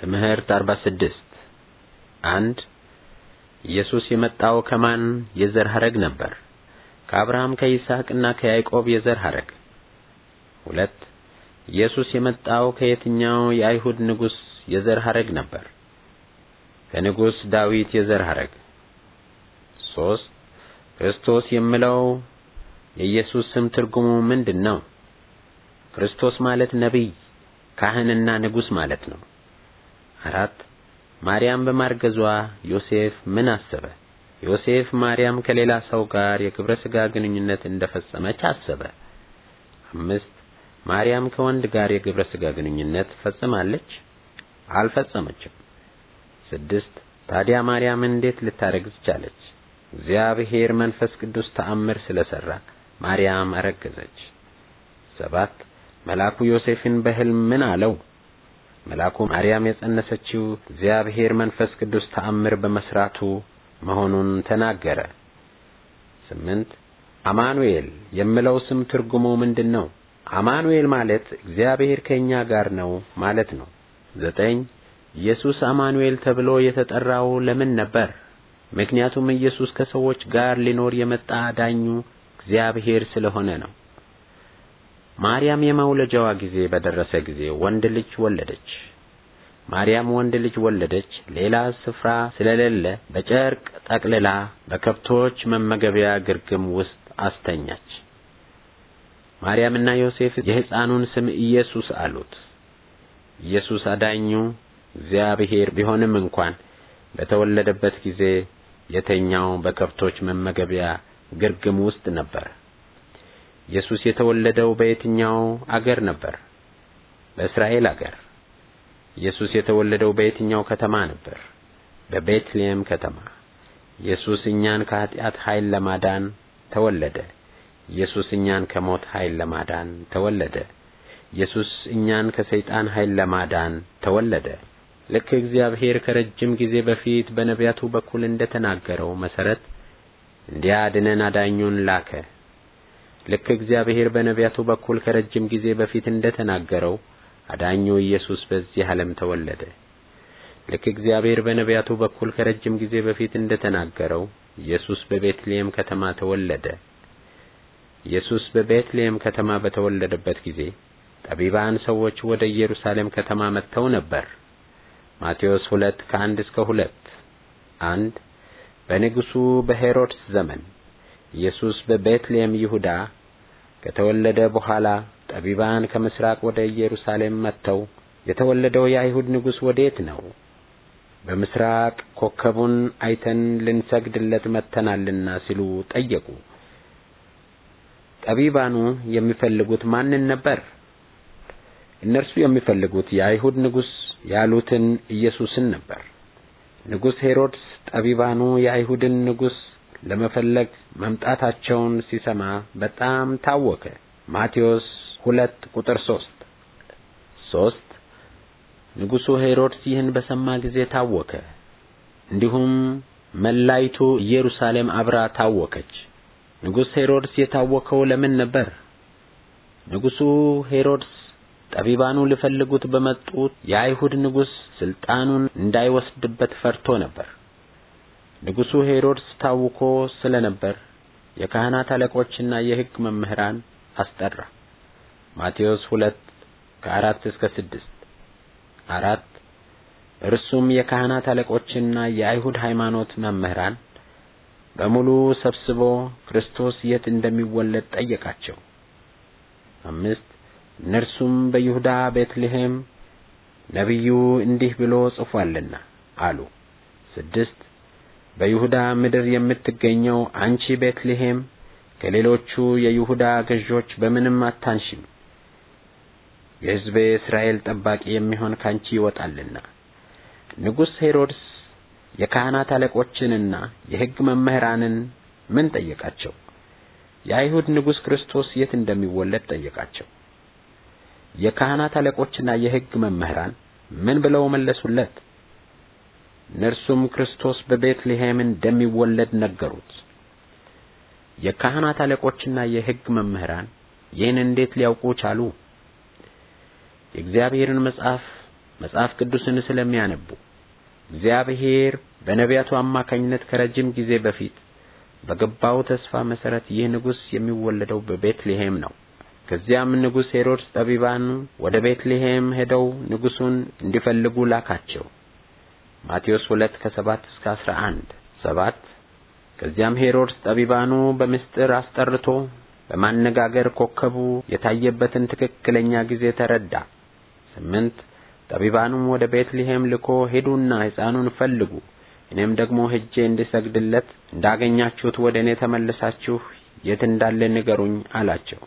ትምህርት 46 አንድ ኢየሱስ የመጣው ከማን የዘር ሐረግ ነበር? ከአብርሃም ከይስሐቅና ከያዕቆብ የዘር ሐረግ። ሁለት ኢየሱስ የመጣው ከየትኛው የአይሁድ ንጉሥ የዘር ሐረግ ነበር? ከንጉሥ ዳዊት የዘር ሐረግ። ሦስት ክርስቶስ የምለው የኢየሱስ ስም ትርጉሙ ምንድን ነው? ክርስቶስ ማለት ነቢይ፣ ካህንና ንጉሥ ማለት ነው። አራት ማርያም በማርገዟ ዮሴፍ ምን አሰበ? ዮሴፍ ማርያም ከሌላ ሰው ጋር የግብረ ሥጋ ግንኙነት እንደፈጸመች አሰበ። አምስት ማርያም ከወንድ ጋር የግብረ ሥጋ ግንኙነት ፈጽማለች? አልፈጸመችም። ስድስት ታዲያ ማርያም እንዴት ልታረግዝ ቻለች? እግዚአብሔር መንፈስ ቅዱስ ተአምር ስለሰራ ማርያም አረገዘች። ሰባት መልአኩ ዮሴፍን በሕልም ምን አለው? መልአኩ ማርያም የጸነሰችው እግዚአብሔር መንፈስ ቅዱስ ተአምር በመስራቱ መሆኑን ተናገረ። ስምንት አማኑኤል የሚለው ስም ትርጉሙ ምንድን ነው? አማኑኤል ማለት እግዚአብሔር ከእኛ ጋር ነው ማለት ነው። ዘጠኝ ኢየሱስ አማኑኤል ተብሎ የተጠራው ለምን ነበር? ምክንያቱም ኢየሱስ ከሰዎች ጋር ሊኖር የመጣ ዳኙ እግዚአብሔር ስለሆነ ነው። ማርያም የመውለጃዋ ጊዜ በደረሰ ጊዜ ወንድ ልጅ ወለደች። ማርያም ወንድ ልጅ ወለደች፣ ሌላ ስፍራ ስለሌለ በጨርቅ ጠቅልላ በከብቶች መመገቢያ ግርግም ውስጥ አስተኛች። ማርያምና ዮሴፍ የሕፃኑን ስም ኢየሱስ አሉት። ኢየሱስ አዳኙ እግዚአብሔር ቢሆንም እንኳን በተወለደበት ጊዜ የተኛው በከብቶች መመገቢያ ግርግም ውስጥ ነበር። ኢየሱስ የተወለደው በየትኛው አገር ነበር? በእስራኤል አገር። ኢየሱስ የተወለደው በየትኛው ከተማ ነበር? በቤትልሔም ከተማ። ኢየሱስ እኛን ከኃጢአት ኃይል ለማዳን ተወለደ። ኢየሱስ እኛን ከሞት ኃይል ለማዳን ተወለደ። ኢየሱስ እኛን ከሰይጣን ኃይል ለማዳን ተወለደ። ልክ እግዚአብሔር ከረጅም ጊዜ በፊት በነቢያቱ በኩል እንደተናገረው መሰረት እንዲያድነን አዳኙን ላከ። ልክ እግዚአብሔር በነቢያቱ በኩል ከረጅም ጊዜ በፊት እንደተናገረው አዳኙ ኢየሱስ በዚህ ዓለም ተወለደ። ልክ እግዚአብሔር በነቢያቱ በኩል ከረጅም ጊዜ በፊት እንደተናገረው ኢየሱስ በቤትልሔም ከተማ ተወለደ። ኢየሱስ በቤትልሔም ከተማ በተወለደበት ጊዜ ጠቢባን ሰዎች ወደ ኢየሩሳሌም ከተማ መጥተው ነበር። ማቴዎስ ከ1 እስከ 2 አንድ በንጉሡ በሄሮድስ ዘመን ኢየሱስ በቤትልሔም ይሁዳ ከተወለደ በኋላ ጠቢባን ከምስራቅ ወደ ኢየሩሳሌም መጥተው የተወለደው የአይሁድ ንጉሥ ወዴት ነው? በምሥራቅ ኮከቡን አይተን ልንሰግድለት መጥተናልና ሲሉ ጠየቁ። ጠቢባኑ የሚፈልጉት ማንን ነበር? እነርሱ የሚፈልጉት የአይሁድ ንጉሥ ያሉትን ኢየሱስን ነበር። ንጉሥ ሄሮድስ ጠቢባኑ የአይሁድን ንጉሥ ለመፈለግ መምጣታቸውን ሲሰማ በጣም ታወከ። ማቴዎስ 2 ቁጥር 3 ሶስት ንጉሡ ሄሮድስ ይህን በሰማ ጊዜ ታወከ። እንዲሁም መላይቱ ኢየሩሳሌም አብራ ታወከች። ንጉሥ ሄሮድስ የታወከው ለምን ነበር? ንጉሡ ሄሮድስ ጠቢባኑ ሊፈልጉት በመጡት የአይሁድ ንጉሥ ስልጣኑን እንዳይወስድበት ፈርቶ ነበር። ንጉሡ ሄሮድስ ታውኮ ስለ ነበር የካህናት አለቆችና የሕግ መምህራን አስጠራ። ማቴዎስ ከ ከአራት እስከ ስድስት አራት እርሱም የካህናት አለቆችና የአይሁድ ሃይማኖት መምህራን በሙሉ ሰብስቦ ክርስቶስ የት እንደሚወለድ ጠየቃቸው። አምስት እነርሱም በይሁዳ ቤትልሔም ነቢዩ እንዲህ ብሎ ጽፏልና አሉ። ስድስት በይሁዳ ምድር የምትገኘው አንቺ ቤትልሔም ከሌሎቹ የይሁዳ ገዦች በምንም አታንሽም፣ የሕዝቤ እስራኤል ጠባቂ የሚሆን ካንቺ ይወጣልና። ንጉሥ ሄሮድስ የካህናት አለቆችንና የሕግ መምህራንን ምን ጠየቃቸው? የአይሁድ ንጉሥ ክርስቶስ የት እንደሚወለድ ጠየቃቸው። የካህናት አለቆችና የሕግ መምህራን ምን ብለው መለሱለት? እነርሱም ክርስቶስ በቤትልሔም እንደሚወለድ ነገሩት። የካህናት አለቆችና የሕግ መምህራን ይህን እንዴት ሊያውቁ ቻሉ? የእግዚአብሔርን መጽሐፍ መጽሐፍ ቅዱስን ስለሚያነቡ እግዚአብሔር በነቢያቱ አማካኝነት ከረጅም ጊዜ በፊት በገባው ተስፋ መሰረት ይህ ንጉሥ የሚወለደው በቤትልሔም ነው። ከዚያም ንጉሥ ሄሮድስ ጠቢባን ወደ ቤትልሔም ሄደው ንጉሡን እንዲፈልጉ ላካቸው። ማቴዎስ 2 ከ7 እስከ 11 7 ከዚያም ሄሮድስ ጠቢባኑ በምስጢር አስጠርቶ በማነጋገር ኮከቡ የታየበትን ትክክለኛ ጊዜ ተረዳ። ስምንት ጠቢባኑም ወደ ቤትልሔም ልኮ ሄዱና ሕፃኑን ፈልጉ፣ እኔም ደግሞ ሄጄ እንድሰግድለት እንዳገኛችሁት ወደ እኔ ተመልሳችሁ የት እንዳለ ንገሩኝ አላቸው።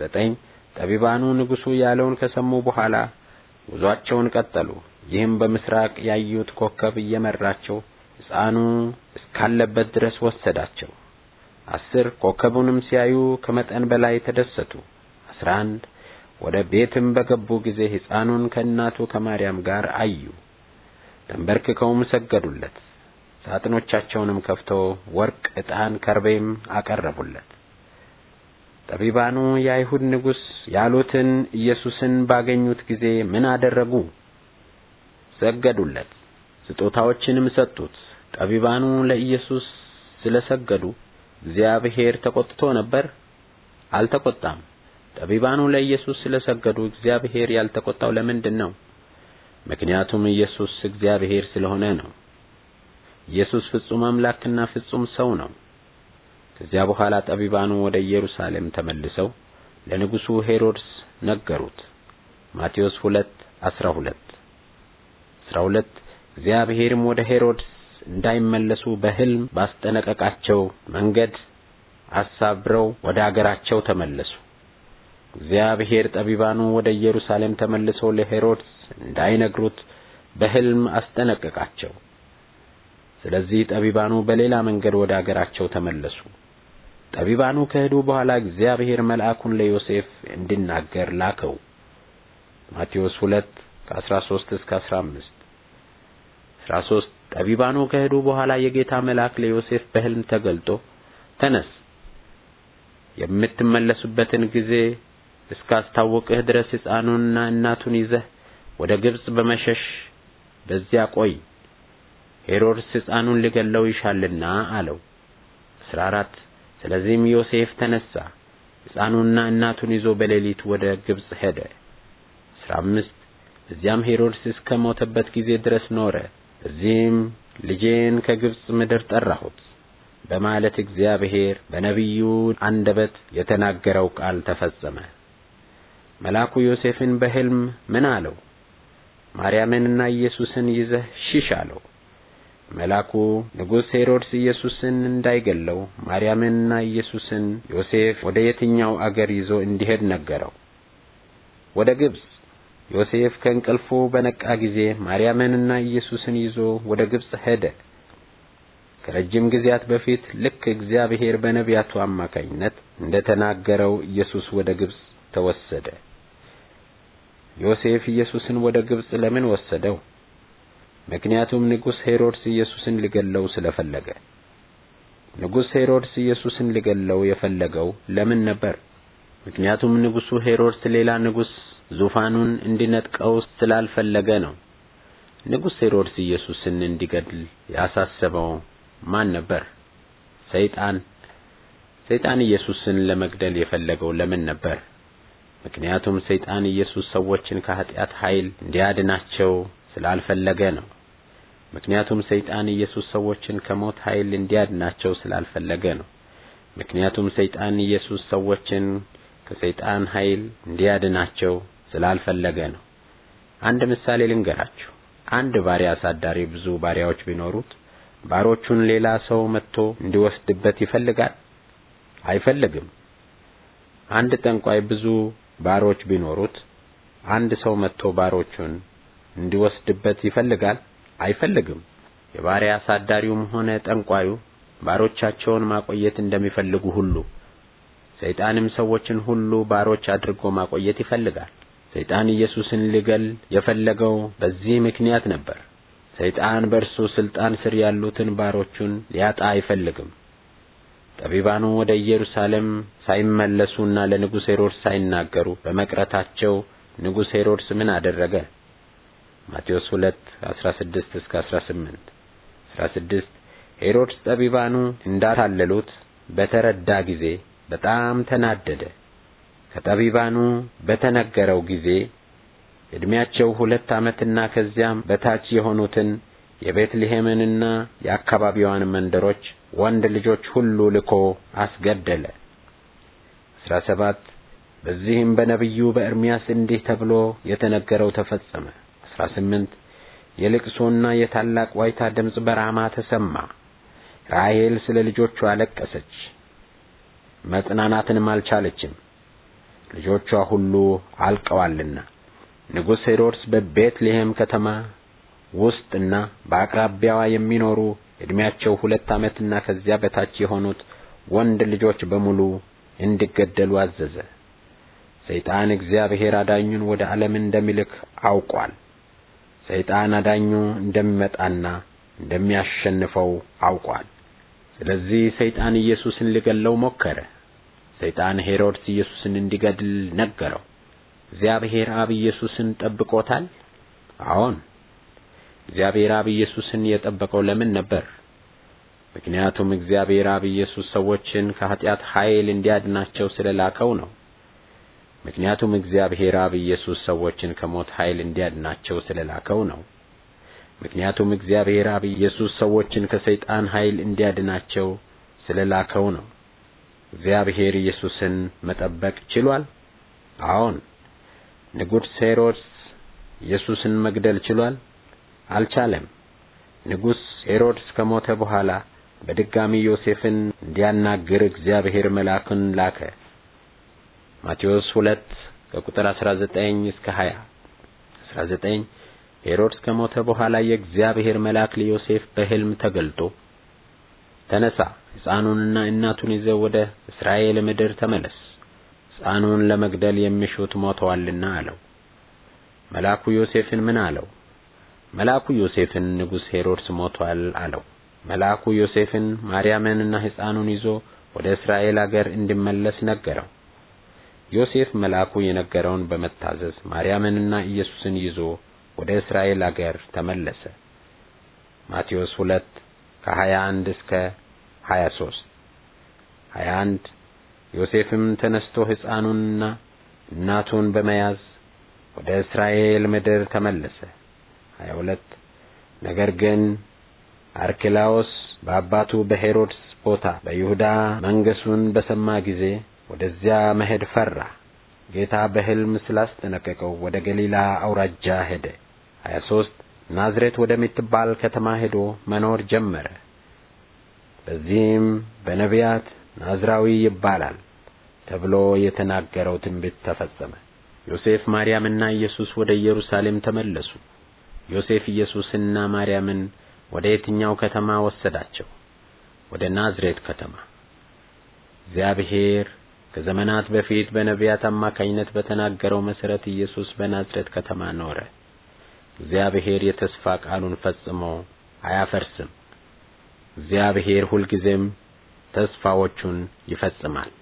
ዘጠኝ ጠቢባኑ ንጉሡ ያለውን ከሰሙ በኋላ ጉዟቸውን ቀጠሉ። ይህም በምስራቅ ያዩት ኮከብ እየመራቸው ሕፃኑ እስካለበት ድረስ ወሰዳቸው። አስር ኮከቡንም ሲያዩ ከመጠን በላይ ተደሰቱ። አስራ አንድ ወደ ቤትም በገቡ ጊዜ ሕፃኑን ከእናቱ ከማርያም ጋር አዩ። ተንበርክከውም ሰገዱለት። ሳጥኖቻቸውንም ከፍተው ወርቅ፣ ዕጣን፣ ከርቤም አቀረቡለት። ጠቢባኑ የአይሁድ ንጉሥ ያሉትን ኢየሱስን ባገኙት ጊዜ ምን አደረጉ? ሰገዱለት፣ ስጦታዎችንም ሰጡት። ጠቢባኑ ለኢየሱስ ስለ ሰገዱ እግዚአብሔር ተቆጥቶ ነበር? አልተቆጣም። ጠቢባኑ ለኢየሱስ ስለ ሰገዱ እግዚአብሔር ያልተቆጣው ለምንድን ነው? ምክንያቱም ኢየሱስ እግዚአብሔር ስለሆነ ነው። ኢየሱስ ፍጹም አምላክና ፍጹም ሰው ነው። ከዚያ በኋላ ጠቢባኑ ወደ ኢየሩሳሌም ተመልሰው ለንጉሡ ሄሮድስ ነገሩት። ማቴዎስ 2 12 አስራ ሁለት እግዚአብሔርም ወደ ሄሮድስ እንዳይመለሱ በሕልም ባስጠነቀቃቸው መንገድ አሳብረው ወደ አገራቸው ተመለሱ። እግዚአብሔር ጠቢባኑ ወደ ኢየሩሳሌም ተመልሰው ለሄሮድስ እንዳይነግሩት በሕልም አስጠነቀቃቸው። ስለዚህ ጠቢባኑ በሌላ መንገድ ወደ አገራቸው ተመለሱ። ጠቢባኑ ከሄዱ በኋላ እግዚአብሔር መልአኩን ለዮሴፍ እንዲናገር ላከው። ማቴዎስ 2 ከ13 እስከ 15 አስራ ጠቢባኑ ከሄዱ በኋላ የጌታ መልአክ ለዮሴፍ በሕልም ተገልጦ ተነስ የምትመለሱበትን ጊዜ እስካስታወቅህ ድረስ ሕፃኑንና እናቱን ይዘህ ወደ ግብፅ በመሸሽ በዚያ ቆይ፣ ሄሮድስ ሕፃኑን ሊገለው ይሻልና አለው። አስራ አራት ስለዚህም ዮሴፍ ተነሳ፣ ሕፃኑንና እናቱን ይዞ በሌሊት ወደ ግብፅ ሄደ። አስራ አምስት በዚያም ሄሮድስ እስከ ሞተበት ጊዜ ድረስ ኖረ። እዚህም ልጄን ከግብፅ ምድር ጠራሁት በማለት እግዚአብሔር በነቢዩ አንደበት የተናገረው ቃል ተፈጸመ። መልአኩ ዮሴፍን በሕልም ምን አለው? ማርያምንና ኢየሱስን ይዘህ ሽሽ አለው። መልአኩ ንጉሥ ሄሮድስ ኢየሱስን እንዳይገለው ማርያምንና ኢየሱስን ዮሴፍ ወደ የትኛው አገር ይዞ እንዲሄድ ነገረው። ወደ ግብፅ ዮሴፍ ከእንቅልፉ በነቃ ጊዜ ማርያምንና ኢየሱስን ይዞ ወደ ግብፅ ሄደ። ከረጅም ጊዜያት በፊት ልክ እግዚአብሔር በነቢያቱ አማካኝነት እንደ ተናገረው ኢየሱስ ወደ ግብፅ ተወሰደ። ዮሴፍ ኢየሱስን ወደ ግብፅ ለምን ወሰደው? ምክንያቱም ንጉሥ ሄሮድስ ኢየሱስን ሊገለው ስለፈለገ። ንጉሥ ሄሮድስ ኢየሱስን ሊገለው የፈለገው ለምን ነበር? ምክንያቱም ንጉሡ ሄሮድስ ሌላ ንጉሥ ዙፋኑን እንዲነጥቀው ስላልፈለገ ነው። ንጉሥ ሄሮድስ ኢየሱስን እንዲገድል ያሳሰበው ማን ነበር? ሰይጣን። ሰይጣን ኢየሱስን ለመግደል የፈለገው ለምን ነበር? ምክንያቱም ሰይጣን ኢየሱስ ሰዎችን ከኃጢአት ኃይል እንዲያድናቸው ስላልፈለገ ነው። ምክንያቱም ሰይጣን ኢየሱስ ሰዎችን ከሞት ኃይል እንዲያድናቸው ስላልፈለገ ነው። ምክንያቱም ሰይጣን ኢየሱስ ሰዎችን ከሰይጣን ኃይል እንዲያድናቸው ስላልፈለገ ነው። አንድ ምሳሌ ልንገራችሁ። አንድ ባሪያ አሳዳሪ ብዙ ባሪያዎች ቢኖሩት ባሮቹን ሌላ ሰው መጥቶ እንዲወስድበት ይፈልጋል? አይፈልግም። አንድ ጠንቋይ ብዙ ባሮች ቢኖሩት አንድ ሰው መጥቶ ባሮቹን እንዲወስድበት ይፈልጋል? አይፈልግም። የባሪያ አሳዳሪውም ሆነ ጠንቋዩ ባሮቻቸውን ማቆየት እንደሚፈልጉ ሁሉ ሰይጣንም ሰዎችን ሁሉ ባሮች አድርጎ ማቆየት ይፈልጋል። ሰይጣን ኢየሱስን ሊገል የፈለገው በዚህ ምክንያት ነበር። ሰይጣን በእርሱ ሥልጣን ስር ያሉትን ባሮቹን ሊያጣ አይፈልግም። ጠቢባኑ ወደ ኢየሩሳሌም ሳይመለሱና ለንጉሥ ሄሮድስ ሳይናገሩ በመቅረታቸው ንጉሥ ሄሮድስ ምን አደረገ? ማቴዎስ 2 16 እስከ 18 16 ሄሮድስ ጠቢባኑ እንዳታለሉት በተረዳ ጊዜ በጣም ተናደደ። ከጠቢባኑ በተነገረው ጊዜ ዕድሜያቸው ሁለት ዓመትና ከዚያም በታች የሆኑትን የቤትልሔምንና የአካባቢዋን መንደሮች ወንድ ልጆች ሁሉ ልኮ አስገደለ። አስራ ሰባት በዚህም በነቢዩ በእርምያስ እንዲህ ተብሎ የተነገረው ተፈጸመ። አስራ ስምንት የልቅሶና የታላቅ ዋይታ ድምፅ በራማ ተሰማ። ራሔል ስለ ልጆቿ አለቀሰች፣ መጽናናትንም አልቻለችም። ልጆቿ ሁሉ አልቀዋልና። ንጉሥ ሄሮድስ በቤትልሔም ከተማ ውስጥና በአቅራቢያዋ የሚኖሩ ዕድሜያቸው ሁለት ዓመትና ከዚያ በታች የሆኑት ወንድ ልጆች በሙሉ እንዲገደሉ አዘዘ። ሰይጣን እግዚአብሔር አዳኙን ወደ ዓለም እንደሚልክ አውቋል። ሰይጣን አዳኙ እንደሚመጣና እንደሚያሸንፈው አውቋል። ስለዚህ ሰይጣን ኢየሱስን ሊገለው ሞከረ። ሰይጣን ሄሮድስ ኢየሱስን እንዲገድል ነገረው። እግዚአብሔር አብ ኢየሱስን ጠብቆታል? አዎን። እግዚአብሔር አብ ኢየሱስን የጠበቀው ለምን ነበር? ምክንያቱም እግዚአብሔር አብ ኢየሱስ ሰዎችን ከኃጢአት ኃይል እንዲያድናቸው ስለላከው ነው። ምክንያቱም እግዚአብሔር አብ ኢየሱስ ሰዎችን ከሞት ኃይል እንዲያድናቸው ስለላከው ነው። ምክንያቱም እግዚአብሔር አብ ኢየሱስ ሰዎችን ከሰይጣን ኃይል እንዲያድናቸው ስለላከው ነው። እግዚአብሔር ኢየሱስን መጠበቅ ችሏል? አዎን። ንጉሥ ሄሮድስ ኢየሱስን መግደል ችሏል? አልቻለም። ንጉሥ ሄሮድስ ከሞተ በኋላ በድጋሚ ዮሴፍን እንዲያናግር እግዚአብሔር መልአክን ላከ። ማቴዎስ 2 ከቁጥር 19 እስከ 20 19 ሄሮድስ ከሞተ በኋላ የእግዚአብሔር መልአክ ለዮሴፍ በሕልም ተገልጦ ተነሳ፣ ሕፃኑንና እናቱን ይዘህ ወደ እስራኤል ምድር ተመለስ፣ ሕፃኑን ለመግደል የሚሹት ሞተዋልና አለው። መልአኩ ዮሴፍን ምን አለው? መልአኩ ዮሴፍን ንጉሥ ሄሮድስ ሞቷል አለው። መልአኩ ዮሴፍን ማርያምንና ሕፃኑን ይዞ ወደ እስራኤል አገር እንዲመለስ ነገረው። ዮሴፍ መልአኩ የነገረውን በመታዘዝ ማርያምንና ኢየሱስን ይዞ ወደ እስራኤል አገር ተመለሰ። ማቴዎስ 2 ከ21 እስከ 23 21 ዮሴፍም ተነስቶ ሕፃኑንና እናቱን በመያዝ ወደ እስራኤል ምድር ተመለሰ። 22 ነገር ግን አርኬላዎስ በአባቱ በሄሮድስ ቦታ በይሁዳ መንገሱን በሰማ ጊዜ ወደዚያ መሄድ ፈራ። ጌታ በሕልም ስላስጠነቀቀው ወደ ገሊላ አውራጃ ሄደ። 23 ናዝሬት ወደምትባል ከተማ ሄዶ መኖር ጀመረ። በዚህም በነቢያት ናዝራዊ ይባላል ተብሎ የተናገረው ትንቢት ተፈጸመ። ዮሴፍ ማርያምና ኢየሱስ ወደ ኢየሩሳሌም ተመለሱ። ዮሴፍ ኢየሱስና ማርያምን ወደ የትኛው ከተማ ወሰዳቸው? ወደ ናዝሬት ከተማ። እግዚአብሔር ከዘመናት በፊት በነቢያት አማካኝነት በተናገረው መሠረት ኢየሱስ በናዝሬት ከተማ ኖረ። እግዚአብሔር የተስፋ ቃሉን ፈጽሞ አያፈርስም። እግዚአብሔር ሁልጊዜም ተስፋዎቹን ይፈጽማል።